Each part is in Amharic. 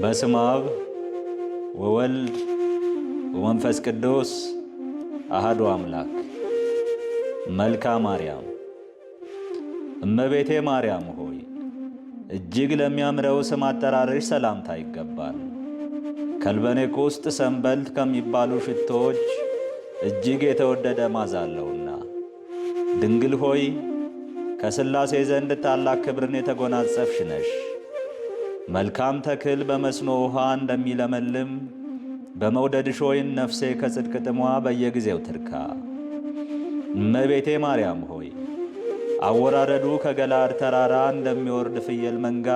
በስመ አብ ወወልድ ወመንፈስ ቅዱስ አህዶ አምላክ። መልካ ማርያም እመቤቴ ማርያም ሆይ እጅግ ለሚያምረው ስም አጠራርሽ ሰላምታ ይገባል። ከልበኔክ ውስጥ ሰንበልት ከሚባሉ ሽቶዎች እጅግ የተወደደ ማዛ አለውና ድንግል ሆይ ከሥላሴ ዘንድ ታላቅ ክብርን የተጎናጸፍሽ ነሽ። መልካም ተክል በመስኖ ውሃ እንደሚለመልም በመውደድ ሾይን ነፍሴ ከጽድቅ ጥሟ በየጊዜው ትርካ። እመቤቴ ማርያም ሆይ አወራረዱ ከገላድ ተራራ እንደሚወርድ ፍየል መንጋ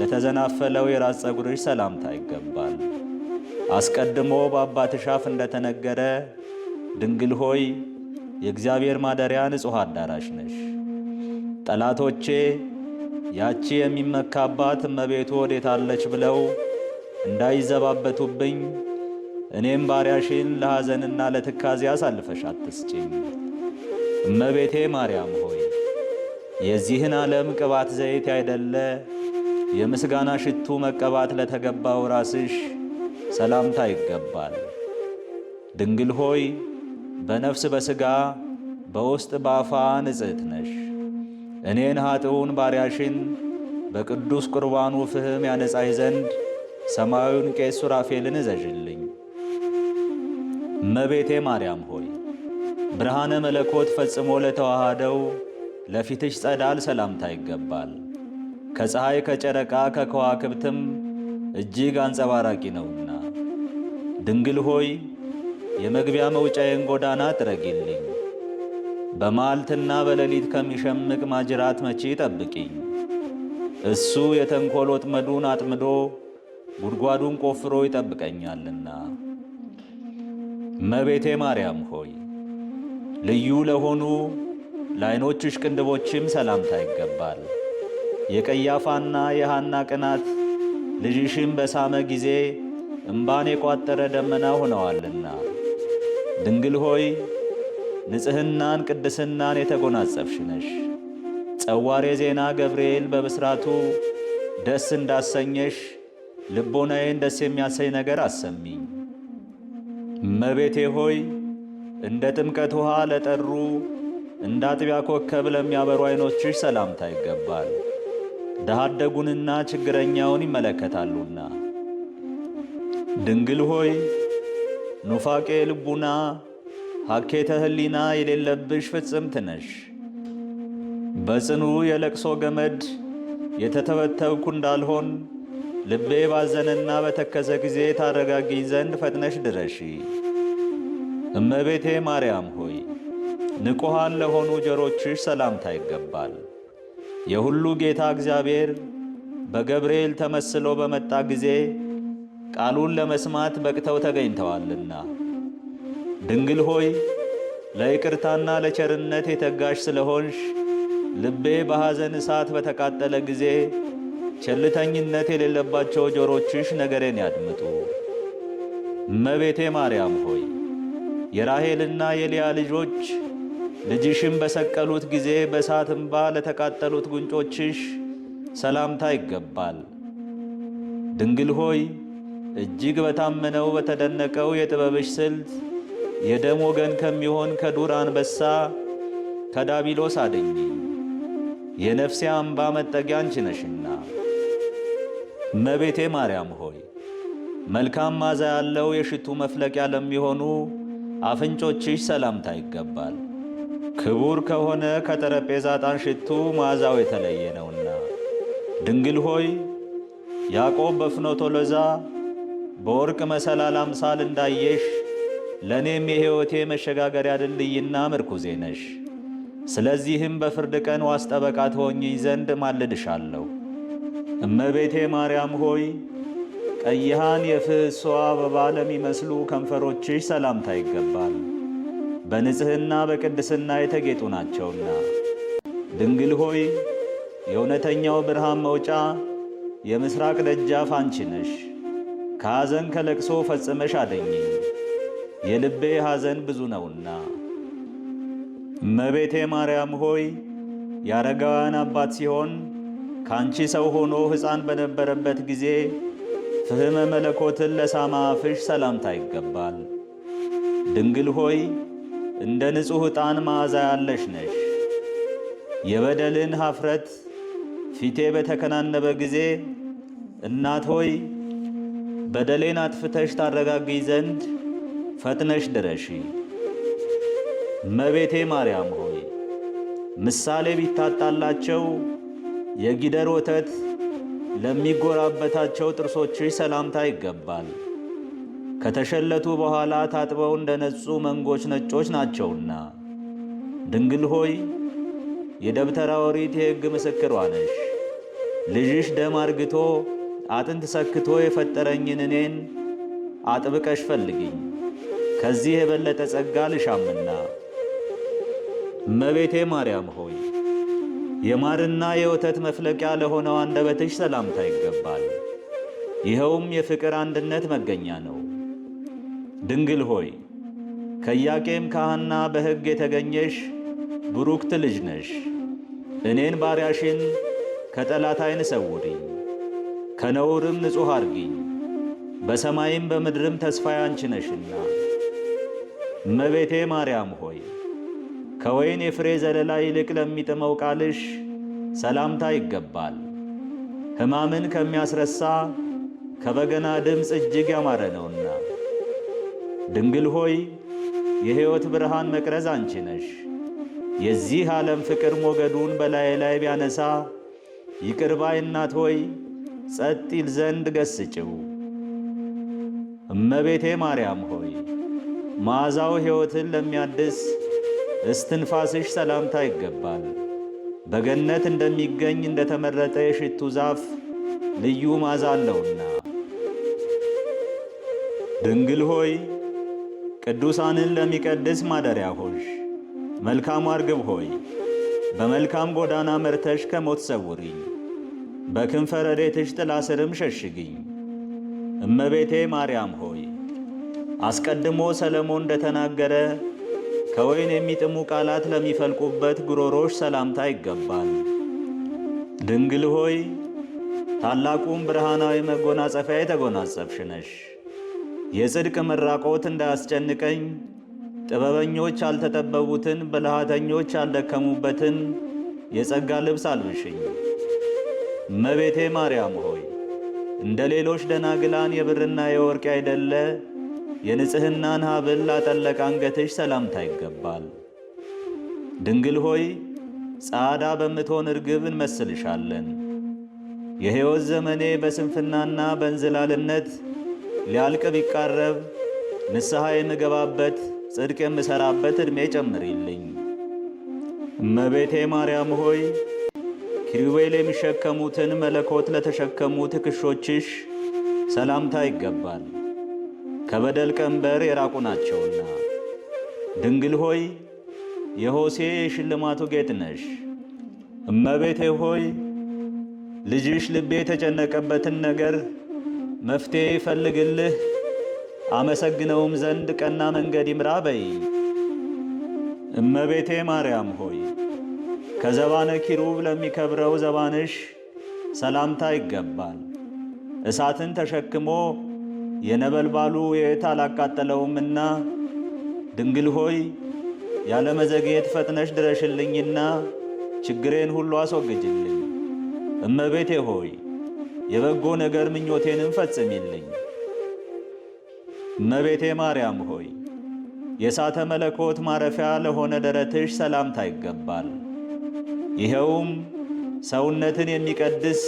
ለተዘናፈለው የራስ ጸጉርሽ ሰላምታ ይገባል። አስቀድሞ በአባትሽ አፍ እንደተነገረ ድንግል ሆይ የእግዚአብሔር ማደሪያ ንጹሕ አዳራሽ ነሽ። ጠላቶቼ ያቺ የሚመካባት እመቤቱ ወዴታለች ብለው እንዳይዘባበቱብኝ እኔም ባሪያሽን ለሐዘንና ለትካዜ አሳልፈሽ አትስጪኝ። እመቤቴ ማርያም ሆይ የዚህን ዓለም ቅባት ዘይት አይደለ የምስጋና ሽቱ መቀባት ለተገባው ራስሽ ሰላምታ ይገባል። ድንግል ሆይ በነፍስ በሥጋ በውስጥ በአፋ ንጽሕት ነሽ። እኔን ኃጥውን ባሪያሽን በቅዱስ ቁርባኑ ፍህም ያነጻይ ዘንድ ሰማያዊውን ቄስ ሱራፌልን እዘዥልኝ። እመቤቴ ማርያም ሆይ ብርሃነ መለኮት ፈጽሞ ለተዋሃደው ለፊትሽ ጸዳል ሰላምታ ይገባል። ከፀሐይ ከጨረቃ ከከዋክብትም እጅግ አንጸባራቂ ነውና ድንግል ሆይ የመግቢያ መውጫዬን ጎዳና ጥረጊልኝ። በማልትና በሌሊት ከሚሸምቅ ማጅራት መቼ ጠብቂኝ። እሱ የተንኮል ወጥመዱን አጥምዶ ጉድጓዱን ቆፍሮ ይጠብቀኛልና። እመቤቴ ማርያም ሆይ ልዩ ለሆኑ ለዓይኖችሽ ቅንድቦችም ሰላምታ ይገባል። የቀያፋና የሐና ቅናት ልጅሽም በሳመ ጊዜ እምባን የቋጠረ ደመና ሆነዋልና ድንግል ሆይ ንጽሕናን ቅድስናን የተጎናጸፍሽ ነሽ። ጸዋሬ ዜና ገብርኤል በብስራቱ ደስ እንዳሰኘሽ ልቦናዬን ደስ የሚያሰኝ ነገር አሰሚኝ። እመቤቴ ሆይ እንደ ጥምቀት ውሃ ለጠሩ እንደ አጥቢያ ኮከብ ለሚያበሩ ዐይኖችሽ ሰላምታ ይገባል። ደሃደጉንና ችግረኛውን ይመለከታሉና። ድንግል ሆይ ኑፋቄ ልቡና ሀኬተ ሕሊና የሌለብሽ ፍጽምት ነሽ። በጽኑ የለቅሶ ገመድ የተተበተብኩ እንዳልሆን ልቤ ባዘነና በተከዘ ጊዜ ታረጋጊኝ ዘንድ ፈጥነሽ ድረሺ። እመቤቴ ማርያም ሆይ ንቁሃን ለሆኑ ጆሮችሽ ሰላምታ ይገባል። የሁሉ ጌታ እግዚአብሔር በገብርኤል ተመስሎ በመጣ ጊዜ ቃሉን ለመስማት በቅተው ተገኝተዋልና ድንግል ሆይ ለይቅርታና ለቸርነት የተጋሽ ስለሆንሽ ልቤ በሐዘን እሳት በተቃጠለ ጊዜ ቸልተኝነት የሌለባቸው ጆሮችሽ ነገሬን ያድምጡ። እመቤቴ ማርያም ሆይ የራሔልና የልያ ልጆች ልጅሽን በሰቀሉት ጊዜ በእሳት እምባ ለተቃጠሉት ጉንጮችሽ ሰላምታ ይገባል። ድንግል ሆይ እጅግ በታመነው በተደነቀው የጥበብሽ ስልት የደም ወገን ከሚሆን ከዱር አንበሳ ከዳቢሎስ አድኝ። የነፍሴ አምባ መጠጊያ አንቺ ነሽና እመቤቴ ማርያም ሆይ መልካም ማዛ ያለው የሽቱ መፍለቂያ ለሚሆኑ አፍንጮችሽ ሰላምታ ይገባል። ክቡር ከሆነ ከጠረጴዛ ዕጣን ሽቱ ማዛው የተለየ ነውና። ድንግል ሆይ ያዕቆብ በፍኖተ ሎዛ በወርቅ መሰላል አምሳል እንዳየሽ ለእኔም የሕይወቴ መሸጋገሪያ ድልድይና ምርኩዜ ነሽ። ስለዚህም በፍርድ ቀን ዋስ ጠበቃ ትሆኚኝ ዘንድ ማልድሻለሁ። እመቤቴ ማርያም ሆይ ቀይሃን የፍህሷ አበባ ለሚመስሉ ከንፈሮችሽ ሰላምታ ይገባል። በንጽሕና በቅድስና የተጌጡ ናቸውና። ድንግል ሆይ የእውነተኛው ብርሃን መውጫ የምሥራቅ ደጃፍ አንቺ ነሽ። ከሐዘን ከለቅሶ ፈጽመሽ አደኝኝ የልቤ ሐዘን ብዙ ነውና እመቤቴ ማርያም ሆይ የአረጋውያን አባት ሲሆን ከአንቺ ሰው ሆኖ ሕፃን በነበረበት ጊዜ ፍህመ መለኮትን ለሳማ አፍሽ ሰላምታ ይገባል። ድንግል ሆይ እንደ ንጹሕ ዕጣን መዓዛ ያለሽ ነሽ። የበደልን ኀፍረት ፊቴ በተከናነበ ጊዜ እናት ሆይ በደሌን አጥፍተሽ ታረጋግኝ ዘንድ ፈጥነሽ ድረሺ። መቤቴ ማርያም ሆይ ምሳሌ ቢታጣላቸው የጊደር ወተት ለሚጎራበታቸው ጥርሶችሽ ሰላምታ ይገባል። ከተሸለቱ በኋላ ታጥበው እንደ ነጹ መንጎች ነጮች ናቸውና። ድንግል ሆይ የደብተራ ኦሪት የሕግ ምስክሯ ነሽ። ልጅሽ ደም አርግቶ አጥንት ሰክቶ የፈጠረኝን እኔን አጥብቀሽ ፈልግኝ። ከዚህ የበለጠ ጸጋ ልሻምና እመቤቴ ማርያም ሆይ የማርና የወተት መፍለቂያ ለሆነው አንደበትሽ ሰላምታ ይገባል። ይኸውም የፍቅር አንድነት መገኛ ነው። ድንግል ሆይ ከኢያቄም ካህና በሕግ የተገኘሽ ብሩክት ልጅ ነሽ። እኔን ባሪያሽን ከጠላት ዓይን ሰውሪኝ፣ ከነውርም ንጹሕ አርጊኝ። በሰማይም በምድርም ተስፋዬ አንቺ ነሽና እመቤቴ ማርያም ሆይ ከወይን የፍሬ ዘለላ ይልቅ ለሚጥመው ቃልሽ ሰላምታ ይገባል። ሕማምን ከሚያስረሳ ከበገና ድምፅ እጅግ ያማረ ነውና፣ ድንግል ሆይ የሕይወት ብርሃን መቅረዝ አንቺ ነሽ። የዚህ ዓለም ፍቅር ሞገዱን በላይ ላይ ቢያነሳ ይቅርባይ እናት ሆይ ጸጥ ይል ዘንድ ገስጭው። እመቤቴ ማርያም ሆይ መዓዛው ሕይወትን ለሚያድስ እስትንፋስሽ ሰላምታ ይገባል። በገነት እንደሚገኝ እንደተመረጠ የሽቱ ዛፍ ልዩ መዓዛ አለውና ድንግል ሆይ ቅዱሳንን ለሚቀድስ ማደሪያ ሆሽ መልካሙ አርግብ ሆይ በመልካም ጎዳና መርተሽ ከሞት ሰውሪኝ፣ በክንፈ ረድኤትሽ ጥላ ስርም ሸሽግኝ። እመቤቴ ማርያም ሆይ አስቀድሞ ሰለሞን እንደተናገረ ከወይን የሚጥሙ ቃላት ለሚፈልቁበት ጉሮሮሽ ሰላምታ ይገባል። ድንግል ሆይ ታላቁም ብርሃናዊ መጎናጸፊያ የተጎናጸፍሽ ነሽ። የጽድቅ ምራቆት እንዳያስጨንቀኝ ጥበበኞች ያልተጠበቡትን በልሃተኞች ያልደከሙበትን የጸጋ ልብስ አልብሽኝ። እመቤቴ ማርያም ሆይ እንደ ሌሎች ደናግላን የብርና የወርቅ አይደለ የንጽህናን ሀብል ላጠለቀ አንገትሽ ሰላምታ ይገባል። ድንግል ሆይ ጻዳ በምትሆን እርግብ እንመስልሻለን። የሕይወት ዘመኔ በስንፍናና በእንዝላልነት ሊያልቅ ቢቃረብ ንስሐ የምገባበት ጽድቅ የምሠራበት ዕድሜ ጨምሪልኝ። እመቤቴ ማርያም ሆይ ኪሩቤል የሚሸከሙትን መለኮት ለተሸከሙ ትከሾችሽ ሰላምታ ይገባል። ከበደል ቀንበር የራቁ ናቸውና። ድንግል ሆይ የሆሴ የሽልማቱ ጌጥ ነሽ። እመቤቴ ሆይ ልጅሽ ልቤ የተጨነቀበትን ነገር መፍትሄ ይፈልግልህ አመሰግነውም ዘንድ ቀና መንገድ ይምራ በይ። እመቤቴ ማርያም ሆይ ከዘባነ ኪሩብ ለሚከብረው ዘባንሽ ሰላምታ ይገባል። እሳትን ተሸክሞ የነበልባሉ የት አላቃጠለውምና ድንግል ሆይ ያለ መዘግየት ፈጥነሽ ድረሽልኝና ችግሬን ሁሉ አስወግጅልኝ። እመቤቴ ሆይ የበጎ ነገር ምኞቴንም ፈጽሚልኝ። እመቤቴ ማርያም ሆይ የእሳተ መለኮት ማረፊያ ለሆነ ደረትሽ ሰላምታ ይገባል። ይኸውም ሰውነትን የሚቀድስ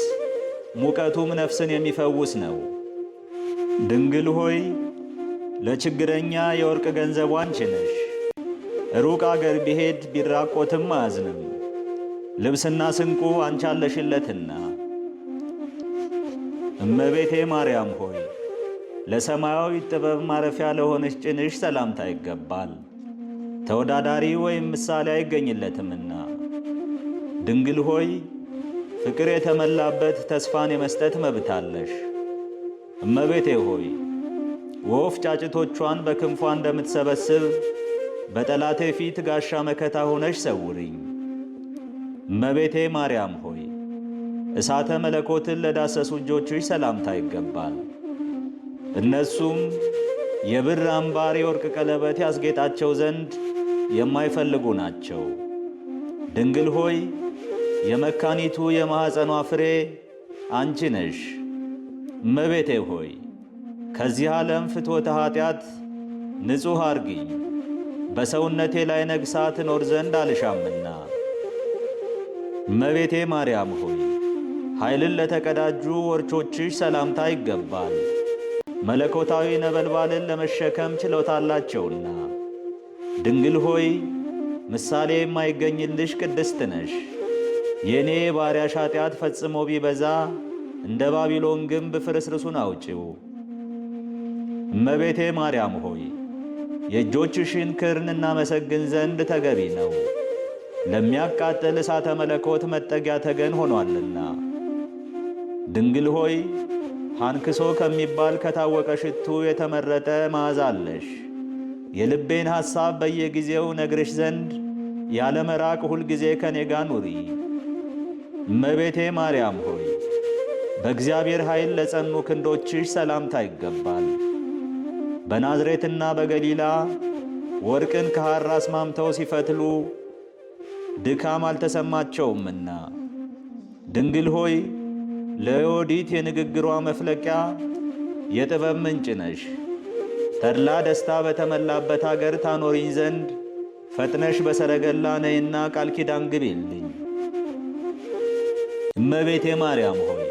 ሙቀቱም ነፍስን የሚፈውስ ነው። ድንግል ሆይ ለችግረኛ የወርቅ ገንዘብ አንቺ ነሽ። ሩቅ አገር ቢሄድ ቢራቆትም አያዝንም፣ ልብስና ስንቁ አንቺ አለሽለትና። እመቤቴ ማርያም ሆይ ለሰማያዊ ጥበብ ማረፊያ ለሆነች ጭንሽ ሰላምታ ይገባል፣ ተወዳዳሪ ወይም ምሳሌ አይገኝለትምና። ድንግል ሆይ ፍቅር የተመላበት ተስፋን የመስጠት መብት አለሽ። እመቤቴ ሆይ ወፍ ጫጭቶቿን በክንፏ እንደምትሰበስብ በጠላቴ ፊት ጋሻ መከታ ሆነሽ ሰውሪኝ። እመቤቴ ማርያም ሆይ እሳተ መለኮትን ለዳሰሱ እጆችሽ ሰላምታ ይገባል። እነሱም የብር አምባር የወርቅ ቀለበት ያስጌጣቸው ዘንድ የማይፈልጉ ናቸው። ድንግል ሆይ የመካኒቱ የማኅፀኗ ፍሬ አንቺ ነሽ። እመቤቴ ሆይ ከዚህ ዓለም ፍትወተ ኃጢአት ንጹሕ አርጊኝ፣ በሰውነቴ ላይ ነግሳ ትኖር ዘንድ አልሻምና። እመቤቴ ማርያም ሆይ ኃይልን ለተቀዳጁ ወርቾችሽ ሰላምታ ይገባል፣ መለኮታዊ ነበልባልን ለመሸከም ችሎታላቸውና። ድንግል ሆይ ምሳሌ የማይገኝልሽ ቅድስት ነሽ። የእኔ ባሪያሽ ኀጢአት ፈጽሞ ቢበዛ እንደ ባቢሎን ግንብ ፍርስርሱን አውጪው። እመቤቴ ማርያም ሆይ የእጆችሽን ክርን እናመሰግን ዘንድ ተገቢ ነው፣ ለሚያቃጥል እሳተ መለኮት መጠጊያ ተገን ሆኗልና። ድንግል ሆይ ሃንክሶ ከሚባል ከታወቀ ሽቱ የተመረጠ መዓዛ አለሽ። የልቤን ሐሳብ በየጊዜው ነግርሽ ዘንድ ያለ መራቅ ሁልጊዜ ከኔ ጋር ኑሪ። እመቤቴ ማርያም ሆይ በእግዚአብሔር ኃይል ለጸኑ ክንዶችሽ ሰላምታ ይገባል። በናዝሬትና በገሊላ ወርቅን ከሐር አስማምተው ሲፈትሉ ድካም አልተሰማቸውምና ድንግል ሆይ ለዮዲት የንግግሯ መፍለቂያ የጥበብ ምንጭ ነሽ። ተድላ ደስታ በተመላበት አገር ታኖሪኝ ዘንድ ፈጥነሽ በሰረገላ ነይና ቃል ኪዳን ግቢልኝ። እመቤቴ ማርያም ሆይ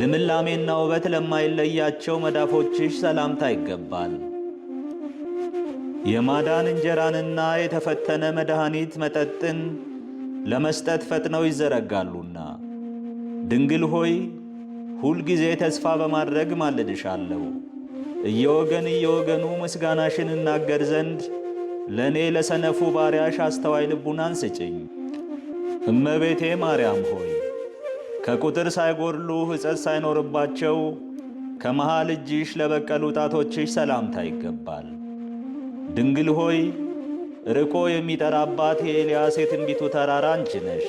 ልምላሜና ውበት ለማይለያቸው መዳፎችሽ ሰላምታ ይገባል። የማዳን እንጀራንና የተፈተነ መድኃኒት መጠጥን ለመስጠት ፈጥነው ይዘረጋሉና ድንግል ሆይ ሁልጊዜ ተስፋ በማድረግ ማልድሻለሁ። እየወገን እየወገኑ ምስጋናሽን እናገር ዘንድ ለእኔ ለሰነፉ ባሪያሽ አስተዋይ ልቡናን ስጭኝ። እመቤቴ ማርያም ሆይ ከቁጥር ሳይጎድሉ ሕጸት ሳይኖርባቸው ከመሃል እጅሽ ለበቀሉ ጣቶችሽ ሰላምታ ይገባል። ድንግል ሆይ ርቆ የሚጠራባት የኤልያስ የትንቢቱ ተራራ አንቺ ነሽ።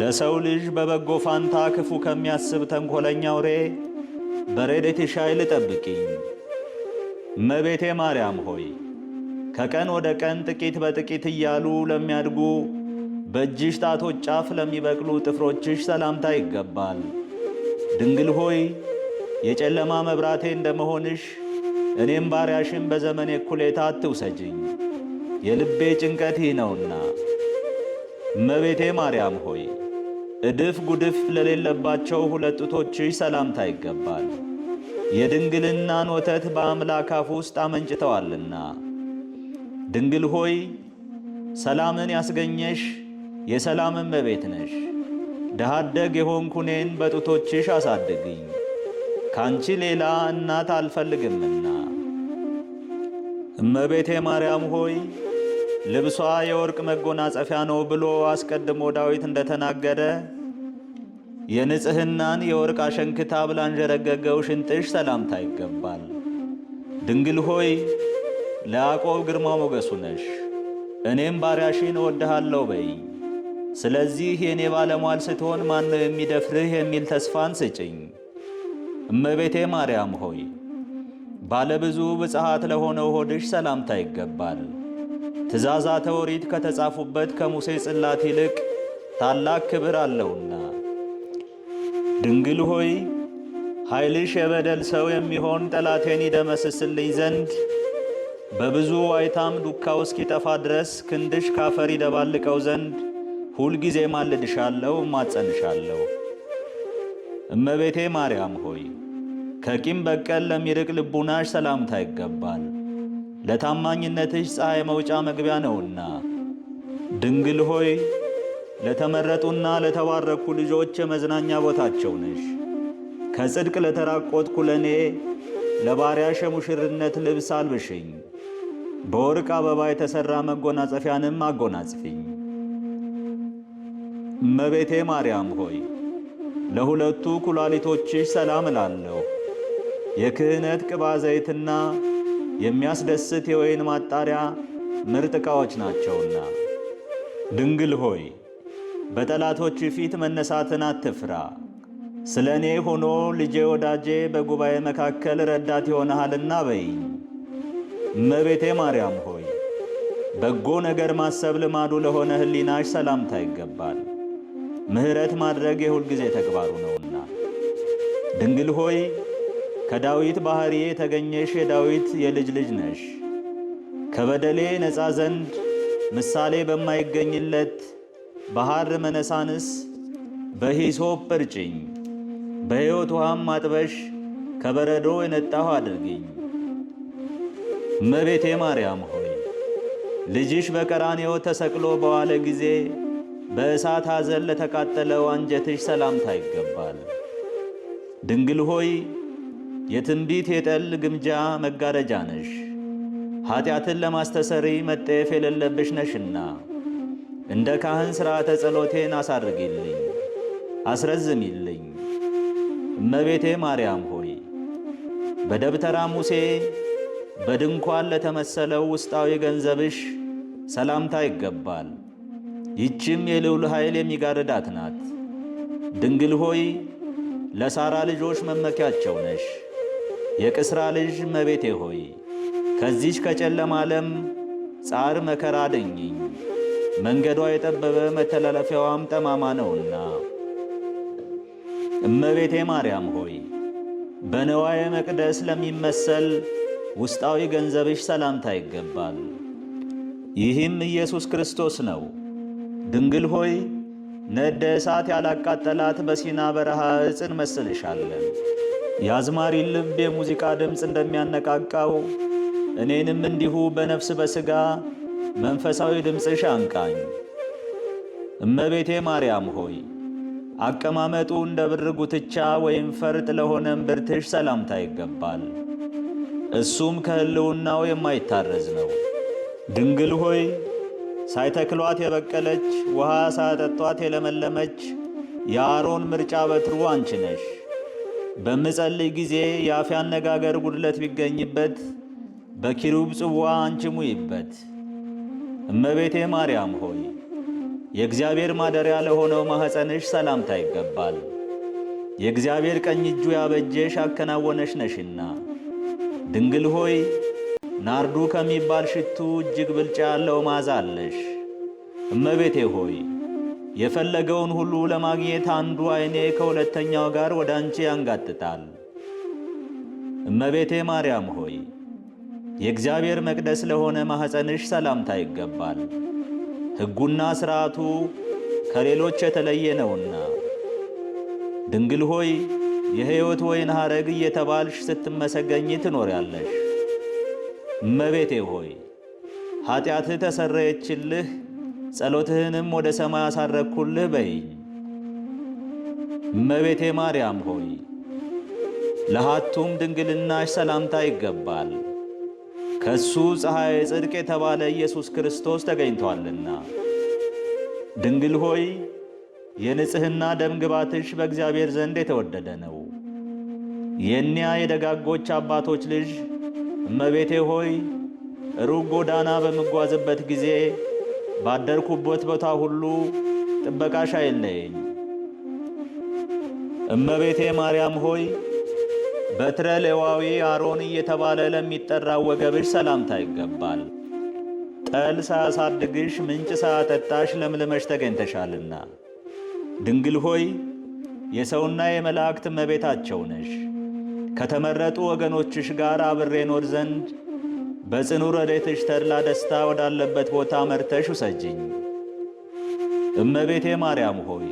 ለሰው ልጅ በበጎ ፋንታ ክፉ ከሚያስብ ተንኮለኛ አውሬ በረድኤትሽ ኃይል ጠብቂኝ። እመቤቴ ማርያም ሆይ ከቀን ወደ ቀን ጥቂት በጥቂት እያሉ ለሚያድጉ በእጅሽ ጣቶች ጫፍ ለሚበቅሉ ጥፍሮችሽ ሰላምታ ይገባል። ድንግል ሆይ የጨለማ መብራቴ እንደመሆንሽ እኔም ባሪያሽን በዘመኔ እኩሌታ አትውሰጅኝ፣ የልቤ ጭንቀት ይህ ነውና። እመቤቴ ማርያም ሆይ እድፍ ጉድፍ ለሌለባቸው ሁለት ጡቶችሽ ሰላምታ ይገባል። የድንግልናን ወተት በአምላክ አፍ ውስጥ አመንጭተዋልና ድንግል ሆይ ሰላምን ያስገኘሽ የሰላምን መቤት ነሽ። ደሃደግ አደግ የሆንኩ እኔን በጡቶችሽ አሳድግኝ፣ ካንቺ ሌላ እናት አልፈልግምና። እመቤቴ ማርያም ሆይ ልብሷ የወርቅ መጎናጸፊያ ነው ብሎ አስቀድሞ ዳዊት እንደተናገረ የንጽህናን የወርቅ አሸንክታ ብላንዠረገገው ሽንጥሽ ሰላምታ ይገባል። ድንግል ሆይ ለያዕቆብ ግርማ ሞገሱ ነሽ፣ እኔም ባሪያሽን እወድሃለሁ በይ። ስለዚህ የእኔ ባለሟል ስትሆን ነው የሚደፍርህ የሚል ተስፋን ስጭኝ። እመቤቴ ማርያም ሆይ ባለብዙ ብጽሐት ለሆነው ሆድሽ ሰላምታ ይገባል። ትእዛዛተ ኦሪት ከተጻፉበት ከሙሴ ጽላት ይልቅ ታላቅ ክብር አለውና፣ ድንግል ሆይ ኃይልሽ የበደል ሰው የሚሆን ጠላቴን ይደመስስልኝ ዘንድ በብዙ ዋይታም ዱካ እስኪጠፋ ድረስ ክንድሽ ካፈር ይደባልቀው ዘንድ ሁልጊዜ ማልድሻለሁ፣ ማጸንሻለሁ። እመቤቴ ማርያም ሆይ ከቂም በቀል ለሚርቅ ልቡናሽ ሰላምታ ይገባል፣ ለታማኝነትሽ ፀሐይ መውጫ መግቢያ ነውና። ድንግል ሆይ ለተመረጡና ለተባረኩ ልጆች የመዝናኛ ቦታቸው ነሽ። ከጽድቅ ለተራቆትኩ ለእኔ ለባሪያሽ የሙሽርነት ልብስ አልብሽኝ፣ በወርቅ አበባ የተሠራ መጎናጸፊያንም አጎናጽፊኝ። እመቤቴ ማርያም ሆይ ለሁለቱ ኩላሊቶችሽ ሰላም እላለሁ። የክህነት ቅባ ዘይትና የሚያስደስት የወይን ማጣሪያ ምርጥ ዕቃዎች ናቸውና። ድንግል ሆይ በጠላቶች ፊት መነሳትን አትፍራ። ስለ እኔ ሆኖ ልጄ ወዳጄ በጉባኤ መካከል ረዳት ይሆንሃልና በይኝ። እመቤቴ ማርያም ሆይ በጎ ነገር ማሰብ ልማዱ ለሆነ ሕሊናሽ ሰላምታ ይገባል። ምሕረት ማድረግ የሁልጊዜ ተግባሩ ነውና ድንግል ሆይ ከዳዊት ባሕሪ የተገኘሽ የዳዊት የልጅ ልጅ ነሽ። ከበደሌ ነፃ ዘንድ ምሳሌ በማይገኝለት በሐር መነሳንስ በሂሶ እርጭኝ፣ በሕይወት ውሃም አጥበሽ ከበረዶ የነጣሁ አድርግኝ እመቤቴ ማርያም ሆይ ልጅሽ በቀራንዮ ተሰቅሎ በዋለ ጊዜ በእሳት ሐዘን ለተቃጠለው አንጀትሽ ሰላምታ ይገባል። ድንግል ሆይ የትንቢት የጠል ግምጃ መጋረጃ ነሽ፣ ኀጢአትን ለማስተሰሪ መጠየፍ የሌለብሽ ነሽና እንደ ካህን ሥርዓተ ጸሎቴን አሳርግልኝ አስረዝሚልኝ። እመቤቴ ማርያም ሆይ በደብተራ ሙሴ በድንኳን ለተመሰለው ውስጣዊ ገንዘብሽ ሰላምታ ይገባል። ይችም የልዑል ኃይል የሚጋርዳት ናት። ድንግል ሆይ ለሳራ ልጆች መመኪያቸው ነሽ። የቅስራ ልጅ መቤቴ ሆይ ከዚች ከጨለማ ዓለም ጻር መከራ አደኝኝ፣ መንገዷ የጠበበ መተላለፊያዋም ጠማማ ነውና። እመቤቴ ማርያም ሆይ በነዋየ መቅደስ ለሚመሰል ውስጣዊ ገንዘብሽ ሰላምታ ይገባል። ይህም ኢየሱስ ክርስቶስ ነው። ድንግል ሆይ ነደ እሳት ያላቃጠላት በሲና በረሃ ዕፅን መስልሻለን። የአዝማሪን ልብ የሙዚቃ ድምፅ እንደሚያነቃቃው እኔንም እንዲሁ በነፍስ በሥጋ መንፈሳዊ ድምፅሽ አንቃኝ። እመቤቴ ማርያም ሆይ አቀማመጡ እንደ ብር ጉትቻ ወይም ፈርጥ ለሆነም ብርትሽ ሰላምታ ይገባል። እሱም ከሕልውናው የማይታረዝ ነው። ድንግል ሆይ ሳይተክሏት የበቀለች ውሃ ሳያጠጧት የለመለመች የአሮን ምርጫ በትሩ አንቺ ነሽ። በምጸልይ ጊዜ የአፌ አነጋገር ጉድለት ቢገኝበት በኪሩብ ጽዋ አንቺ ሙይበት። እመቤቴ ማርያም ሆይ የእግዚአብሔር ማደሪያ ለሆነው ማኅፀንሽ ሰላምታ ይገባል። የእግዚአብሔር ቀኝ እጁ ያበጀሽ አከናወነሽ ነሽና ድንግል ሆይ ናርዱ ከሚባል ሽቱ እጅግ ብልጫ ያለው መዓዛ አለሽ። እመቤቴ ሆይ የፈለገውን ሁሉ ለማግኘት አንዱ ዐይኔ ከሁለተኛው ጋር ወደ አንቺ ያንጋጥጣል። እመቤቴ ማርያም ሆይ የእግዚአብሔር መቅደስ ለሆነ ማኅፀንሽ ሰላምታ ይገባል። ሕጉና ሥርዓቱ ከሌሎች የተለየ ነውና፣ ድንግል ሆይ የሕይወት ወይን ሐረግ እየተባልሽ ስትመሰገኝ ትኖሪያለሽ። እመቤቴ ሆይ ኃጢአትህ ተሰረየችልህ፣ ጸሎትህንም ወደ ሰማይ አሳረግኩልህ በይኝ። እመቤቴ ማርያም ሆይ ለሃቱም ድንግልናሽ ሰላምታ ይገባል። ከሱ ፀሐይ ጽድቅ የተባለ ኢየሱስ ክርስቶስ ተገኝቷልና። ድንግል ሆይ የንጽሕና ደምግባትሽ በእግዚአብሔር ዘንድ የተወደደ ነው። የእኒያ የደጋጎች አባቶች ልጅ እመቤቴ ሆይ ሩቅ ጎዳና በምጓዝበት ጊዜ ባደርኩበት ቦታ ሁሉ ጥበቃሽ አይለየኝ። እመቤቴ ማርያም ሆይ በትረ ሌዋዊ አሮን እየተባለ ለሚጠራ ወገብሽ ሰላምታ ይገባል። ጠል ሳያሳድግሽ ምንጭ ሳያጠጣሽ ለምልመሽ ተገኝተሻልና ድንግል ሆይ የሰውና የመላእክት እመቤታቸው ነሽ። ከተመረጡ ወገኖችሽ ጋር አብሬ ኖር ዘንድ በጽኑ ረድኤትሽ ተድላ ደስታ ወዳለበት ቦታ መርተሽ ውሰጅኝ። እመቤቴ ማርያም ሆይ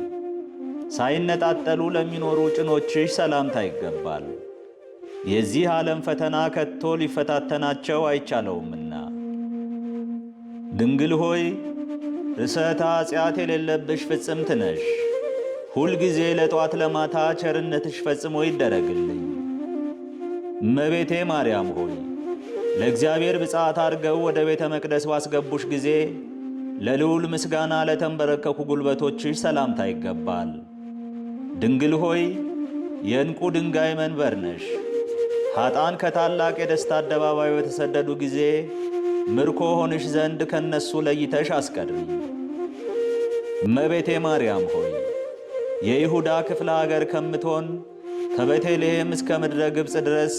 ሳይነጣጠሉ ለሚኖሩ ጭኖችሽ ሰላምታ ይገባል። የዚህ ዓለም ፈተና ከቶ ሊፈታተናቸው አይቻለውምና ድንግል ሆይ ርሰተ ኃጢአት የሌለብሽ ፍጽምት ነሽ። ሁልጊዜ ለጧት ለማታ ቸርነትሽ ፈጽሞ ይደረግልኝ። እመቤቴ ማርያም ሆይ ለእግዚአብሔር ብጻት አድርገው ወደ ቤተ መቅደስ ባስገቡሽ ጊዜ ለልዑል ምስጋና ለተንበረከኩ ጉልበቶችሽ ሰላምታ ይገባል። ድንግል ሆይ የእንቁ ድንጋይ መንበር ነሽ። ኀጣን ከታላቅ የደስታ አደባባይ በተሰደዱ ጊዜ ምርኮ ሆንሽ ዘንድ ከነሱ ለይተሽ አስቀድሚ። እመቤቴ ማርያም ሆይ የይሁዳ ክፍለ አገር ከምትሆን ከቤተልሔም እስከ ምድረ ግብፅ ድረስ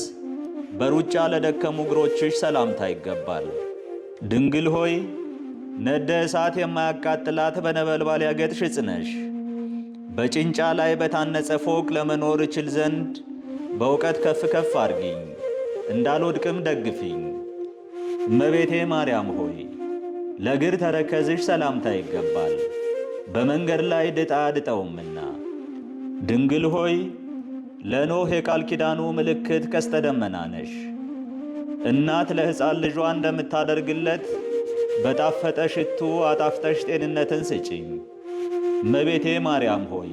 በሩጫ ለደከሙ እግሮችሽ ሰላምታ ይገባል። ድንግል ሆይ ነደ እሳት የማያቃጥላት በነበልባል ያጌጥሽ ሽጽነሽ። በጭንጫ ላይ በታነጸ ፎቅ ለመኖር እችል ዘንድ በእውቀት ከፍ ከፍ አድርጊኝ፣ እንዳልወድቅም ደግፊኝ። እመቤቴ ማርያም ሆይ ለእግር ተረከዝሽ ሰላምታ ይገባል፣ በመንገድ ላይ ድጣ ድጠውምና ድንግል ሆይ ለኖህ የቃል ኪዳኑ ምልክት ቀስተ ደመና ነሽ። እናት ለሕፃን ልጇ እንደምታደርግለት በጣፈጠ ሽቱ አጣፍጠሽ ጤንነትን ስጪኝ። እመቤቴ ማርያም ሆይ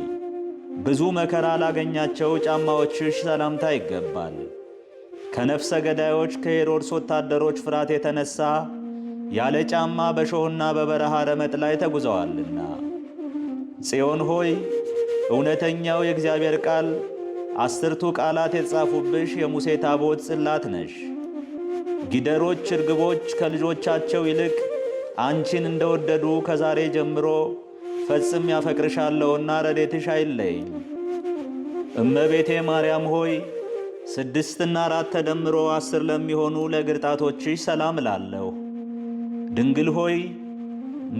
ብዙ መከራ ላገኛቸው ጫማዎችሽ ሰላምታ ይገባል። ከነፍሰ ገዳዮች ከሄሮድስ ወታደሮች ፍርሃት የተነሳ ያለ ጫማ በሾህና በበረሃ ረመጥ ላይ ተጉዘዋልና፣ ጽዮን ሆይ እውነተኛው የእግዚአብሔር ቃል አስርቱ ቃላት የተጻፉብሽ የሙሴ ታቦት ጽላት ነሽ። ጊደሮች፣ እርግቦች ከልጆቻቸው ይልቅ አንቺን እንደወደዱ ከዛሬ ጀምሮ ፈጽም ያፈቅርሻለሁና ረዴትሽ አይለይ። እመቤቴ ማርያም ሆይ ስድስትና አራት ተደምሮ አስር ለሚሆኑ ለግርጣቶችሽ ሰላም እላለሁ። ድንግል ሆይ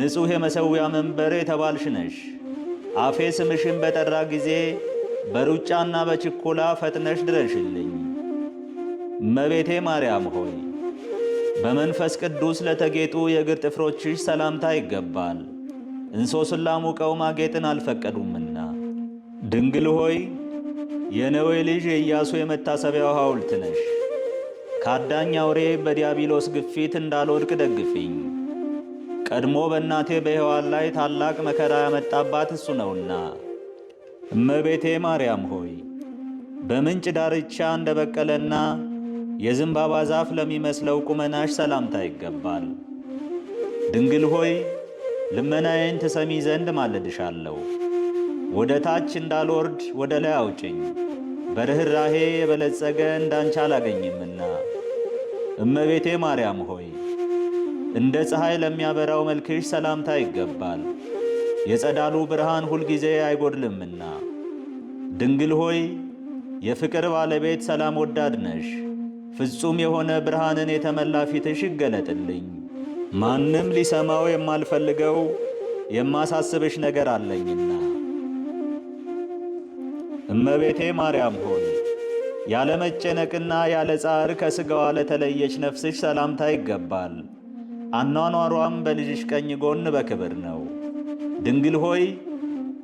ንጹሕ የመሠዊያ መንበር የተባልሽ ነሽ። አፌ ስምሽን በጠራ ጊዜ በሩጫና በችኮላ ፈጥነሽ ድረሽልኝ። እመቤቴ ማርያም ሆይ በመንፈስ ቅዱስ ለተጌጡ የእግር ጥፍሮችሽ ሰላምታ ይገባል። እንሶስላ ሙቀው ማጌጥን አልፈቀዱምና። ድንግል ሆይ የነዌ ልጅ የኢያሱ የመታሰቢያው ሐውልት ነሽ። ከአዳኝ አውሬ በዲያብሎስ ግፊት እንዳልወድቅ ደግፊኝ። ቀድሞ በእናቴ በሔዋን ላይ ታላቅ መከራ ያመጣባት እሱ ነውና እመቤቴ ማርያም ሆይ በምንጭ ዳርቻ እንደ በቀለና የዘንባባ ዛፍ ለሚመስለው ቁመናሽ ሰላምታ ይገባል። ድንግል ሆይ ልመናዬን ትሰሚ ዘንድ ማለድሻለሁ። ወደ ታች እንዳልወርድ ወደ ላይ አውጭኝ፣ በርኅራሄ የበለጸገ እንዳንቻ አላገኝምና። እመቤቴ ማርያም ሆይ እንደ ፀሐይ ለሚያበራው መልክሽ ሰላምታ ይገባል። የጸዳሉ ብርሃን ሁልጊዜ አይጎድልምና። ድንግል ሆይ የፍቅር ባለቤት ሰላም ወዳድ ነሽ። ፍጹም የሆነ ብርሃንን የተመላ ፊትሽ ይገለጥልኝ። ማንም ሊሰማው የማልፈልገው የማሳስብሽ ነገር አለኝና እመቤቴ ማርያም ሆይ ያለ መጨነቅና ያለ ጻር ከሥጋዋ ለተለየች ነፍስሽ ሰላምታ ይገባል። አኗኗሯም በልጅሽ ቀኝ ጎን በክብር ነው። ድንግል ሆይ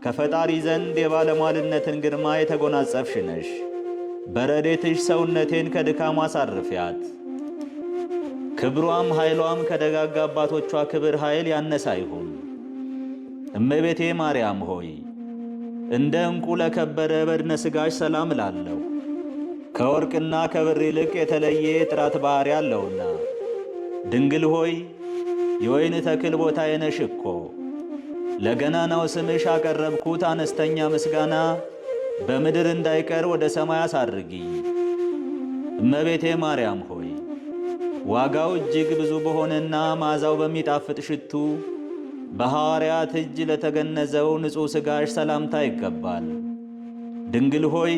ከፈጣሪ ዘንድ የባለሟልነትን ግርማ የተጎናጸፍሽ ነሽ። በረዴትሽ ሰውነቴን ከድካም አሳርፊያት። ክብሯም ኃይሏም ከደጋጋ አባቶቿ ክብር ኃይል ያነሳ ይሁን። እመቤቴ ማርያም ሆይ እንደ ዕንቁ ለከበረ በድነ ሥጋሽ ሰላም እላለሁ። ከወርቅና ከብር ይልቅ የተለየ ጥራት ባሕሪ አለውና ድንግል ሆይ የወይን ተክል ቦታ የነሽ እኮ ለገናናው ስምሽ አቀረብኩት አነስተኛ ምስጋና በምድር እንዳይቀር ወደ ሰማይ አሳርጊ። እመቤቴ ማርያም ሆይ ዋጋው እጅግ ብዙ በሆነና መዓዛው በሚጣፍጥ ሽቱ በሐዋርያት እጅ ለተገነዘው ንጹሕ ሥጋሽ ሰላምታ ይገባል። ድንግል ሆይ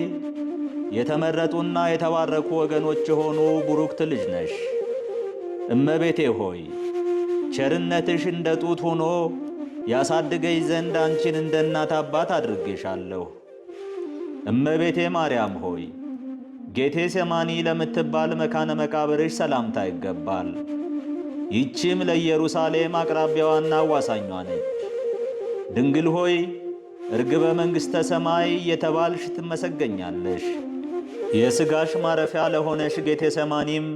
የተመረጡና የተባረኩ ወገኖች የሆኑ ቡሩክት ልጅ ነሽ። እመቤቴ ሆይ ቸርነትሽ እንደ ጡት ሆኖ ያሳድገኝ ዘንድ አንቺን እንደ እናት አባት አድርጌሻለሁ። እመቤቴ ማርያም ሆይ ጌቴ ሰማኒ ለምትባል መካነ መቃብርሽ ሰላምታ ይገባል። ይቺም ለኢየሩሳሌም አቅራቢያዋና አዋሳኟ ነች። ድንግል ሆይ እርግበ መንግሥተ ሰማይ የተባልሽ ትመሰገኛለሽ። የሥጋሽ ማረፊያ ለሆነሽ ጌቴ ሰማኒም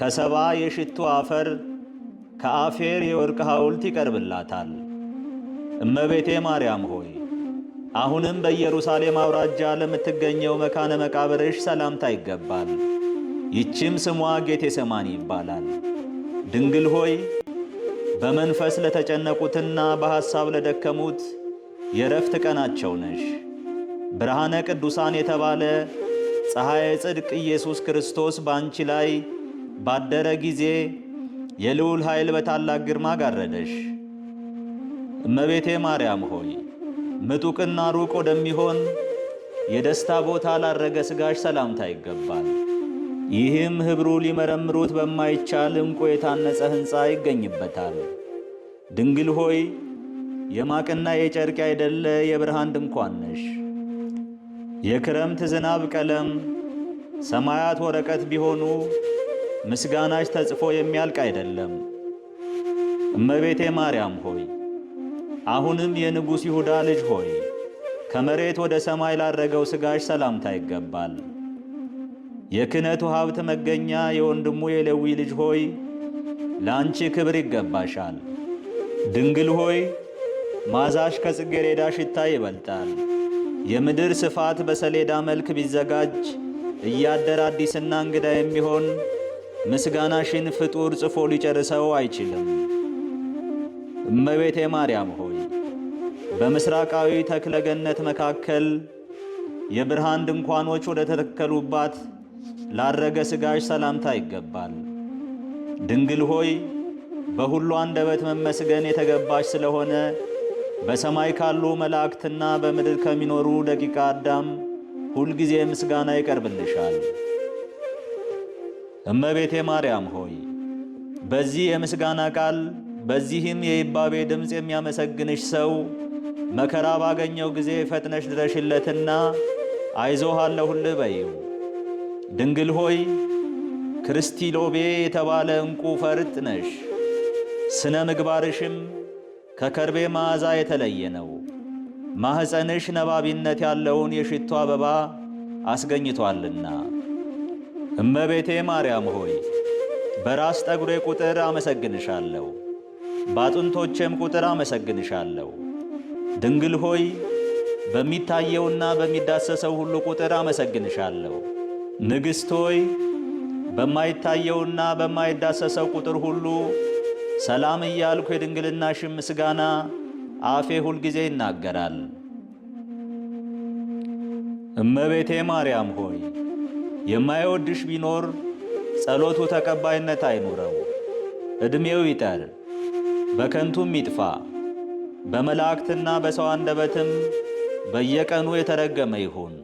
ከሰባ የሽቱ አፈር ከአፌር የወርቅ ሐውልት ይቀርብላታል። እመቤቴ ማርያም ሆይ አሁንም በኢየሩሳሌም አውራጃ ለምትገኘው መካነ መቃብርሽ ሰላምታ ይገባል። ይቺም ስሟ ጌቴ ሰማኒ ይባላል። ድንግል ሆይ በመንፈስ ለተጨነቁትና በሐሳብ ለደከሙት የረፍት ቀናቸው ነሽ። ብርሃነ ቅዱሳን የተባለ ፀሐይ ጽድቅ ኢየሱስ ክርስቶስ በአንቺ ላይ ባደረ ጊዜ የልዑል ኃይል በታላቅ ግርማ ጋረደሽ። እመቤቴ ማርያም ሆይ ምጡቅና ሩቅ ወደሚሆን የደስታ ቦታ ላረገ ሥጋሽ ሰላምታ ይገባል። ይህም ኅብሩ ሊመረምሩት በማይቻል ዕንቁ የታነጸ ሕንፃ ይገኝበታል። ድንግል ሆይ የማቅና የጨርቅ አይደለ የብርሃን ድንኳን ነሽ። የክረምት ዝናብ ቀለም፣ ሰማያት ወረቀት ቢሆኑ ምስጋናሽ ተጽፎ የሚያልቅ አይደለም። እመቤቴ ማርያም ሆይ አሁንም የንጉሥ ይሁዳ ልጅ ሆይ ከመሬት ወደ ሰማይ ላረገው ሥጋሽ ሰላምታ ይገባል። የክነቱ ሀብት መገኛ የወንድሙ የሌዊ ልጅ ሆይ ለአንቺ ክብር ይገባሻል። ድንግል ሆይ ማዛሽ ከጽጌረዳ ሽታ ይበልጣል። የምድር ስፋት በሰሌዳ መልክ ቢዘጋጅ እያደር አዲስና እንግዳ የሚሆን ምስጋናሽን ፍጡር ጽፎ ሊጨርሰው አይችልም። እመቤቴ ማርያም ሆ በምስራቃዊ ተክለገነት መካከል የብርሃን ድንኳኖች ወደ ተተከሉባት ላረገ ስጋሽ ሰላምታ ይገባል። ድንግል ሆይ በሁሉ አንደበት መመስገን የተገባሽ ስለሆነ በሰማይ ካሉ መላእክትና በምድር ከሚኖሩ ደቂቀ አዳም ሁልጊዜ ምስጋና ይቀርብልሻል። እመቤቴ ማርያም ሆይ በዚህ የምስጋና ቃል በዚህም የይባቤ ድምፅ የሚያመሰግንሽ ሰው መከራ ባገኘው ጊዜ ፈጥነሽ ድረሽለትና አይዞህ አለሁልህ በይው። ድንግል ሆይ ክርስቲሎቤ የተባለ እንቁ ፈርጥ ነሽ። ስነ ምግባርሽም ከከርቤ መዓዛ የተለየ ነው። ማኅፀንሽ ነባቢነት ያለውን የሽቱ አበባ አስገኝቷልና። እመቤቴ ማርያም ሆይ በራስ ጠጉሬ ቁጥር አመሰግንሻለሁ፣ በአጥንቶቼም ቁጥር አመሰግንሻለሁ። ድንግል ሆይ በሚታየውና በሚዳሰሰው ሁሉ ቁጥር አመሰግንሻለሁ። ንግሥት ሆይ በማይታየውና በማይዳሰሰው ቁጥር ሁሉ ሰላም እያልኩ ሽም ምስጋና አፌ ሁልጊዜ ይናገራል። እመቤቴ ማርያም ሆይ የማይወድሽ ቢኖር ጸሎቱ ተቀባይነት አይኑረው፣ ዕድሜው ይጠር፣ በከንቱም ይጥፋ። በመላእክትና በሰው አንደበትም በየቀኑ የተረገመ ይሁን።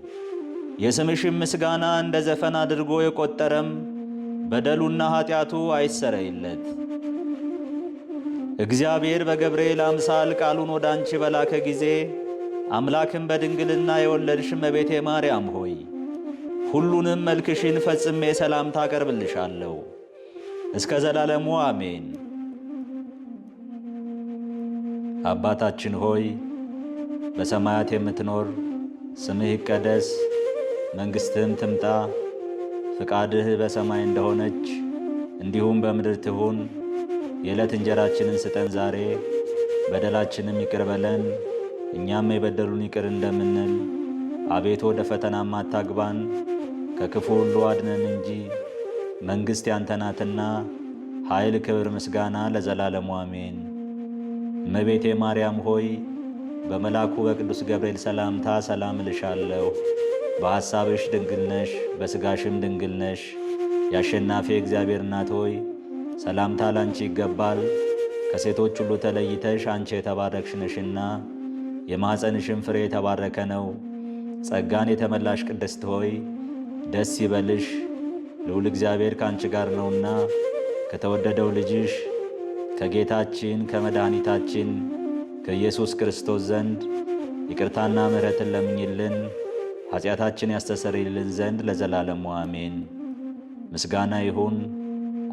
የስምሽም ምስጋና እንደ ዘፈን አድርጎ የቆጠረም በደሉና ኃጢአቱ አይሰረይለት። እግዚአብሔር በገብርኤል አምሳል ቃሉን ወደ አንቺ በላከ ጊዜ አምላክን በድንግልና የወለድሽ እመቤቴ ማርያም ሆይ ሁሉንም መልክሽን ፈጽሜ ሰላምታ አቀርብልሻለሁ። እስከ ዘላለሙ አሜን። አባታችን ሆይ በሰማያት የምትኖር ስምህ ይቀደስ፣ መንግሥትህም ትምጣ፣ ፍቃድህ በሰማይ እንደሆነች እንዲሁም በምድር ትሁን። የዕለት እንጀራችንን ስጠን ዛሬ፣ በደላችንም ይቅር በለን እኛም የበደሉን ይቅር እንደምንል አቤቱ ወደ ፈተናም አታግባን ከክፉ ሁሉ አድነን እንጂ መንግሥት ያንተ ናትና፣ ኃይል፣ ክብር፣ ምስጋና ለዘላለሙ አሜን። እመቤቴ ማርያም ሆይ በመልአኩ በቅዱስ ገብርኤል ሰላምታ ሰላም እልሻለሁ። በሐሳብሽ ድንግል ነሽ፣ በሥጋሽም ድንግል ነሽ። የአሸናፊ እግዚአብሔር እናት ሆይ ሰላምታ ላንቺ ይገባል። ከሴቶች ሁሉ ተለይተሽ አንቺ የተባረክሽ ነሽና የማኅፀንሽም ፍሬ የተባረከ ነው። ጸጋን የተመላሽ ቅድስት ሆይ ደስ ይበልሽ፣ ልዑል እግዚአብሔር ከአንቺ ጋር ነውና ከተወደደው ልጅሽ ከጌታችን ከመድኃኒታችን ከኢየሱስ ክርስቶስ ዘንድ ይቅርታና ምሕረትን ለምኝልን ኃጢአታችን ያስተሰርይልን ዘንድ ለዘላለሙ አሜን። ምስጋና ይሁን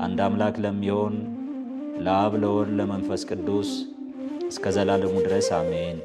አንድ አምላክ ለሚሆን ለአብ ለወልድ ለመንፈስ ቅዱስ እስከ ዘላለሙ ድረስ አሜን።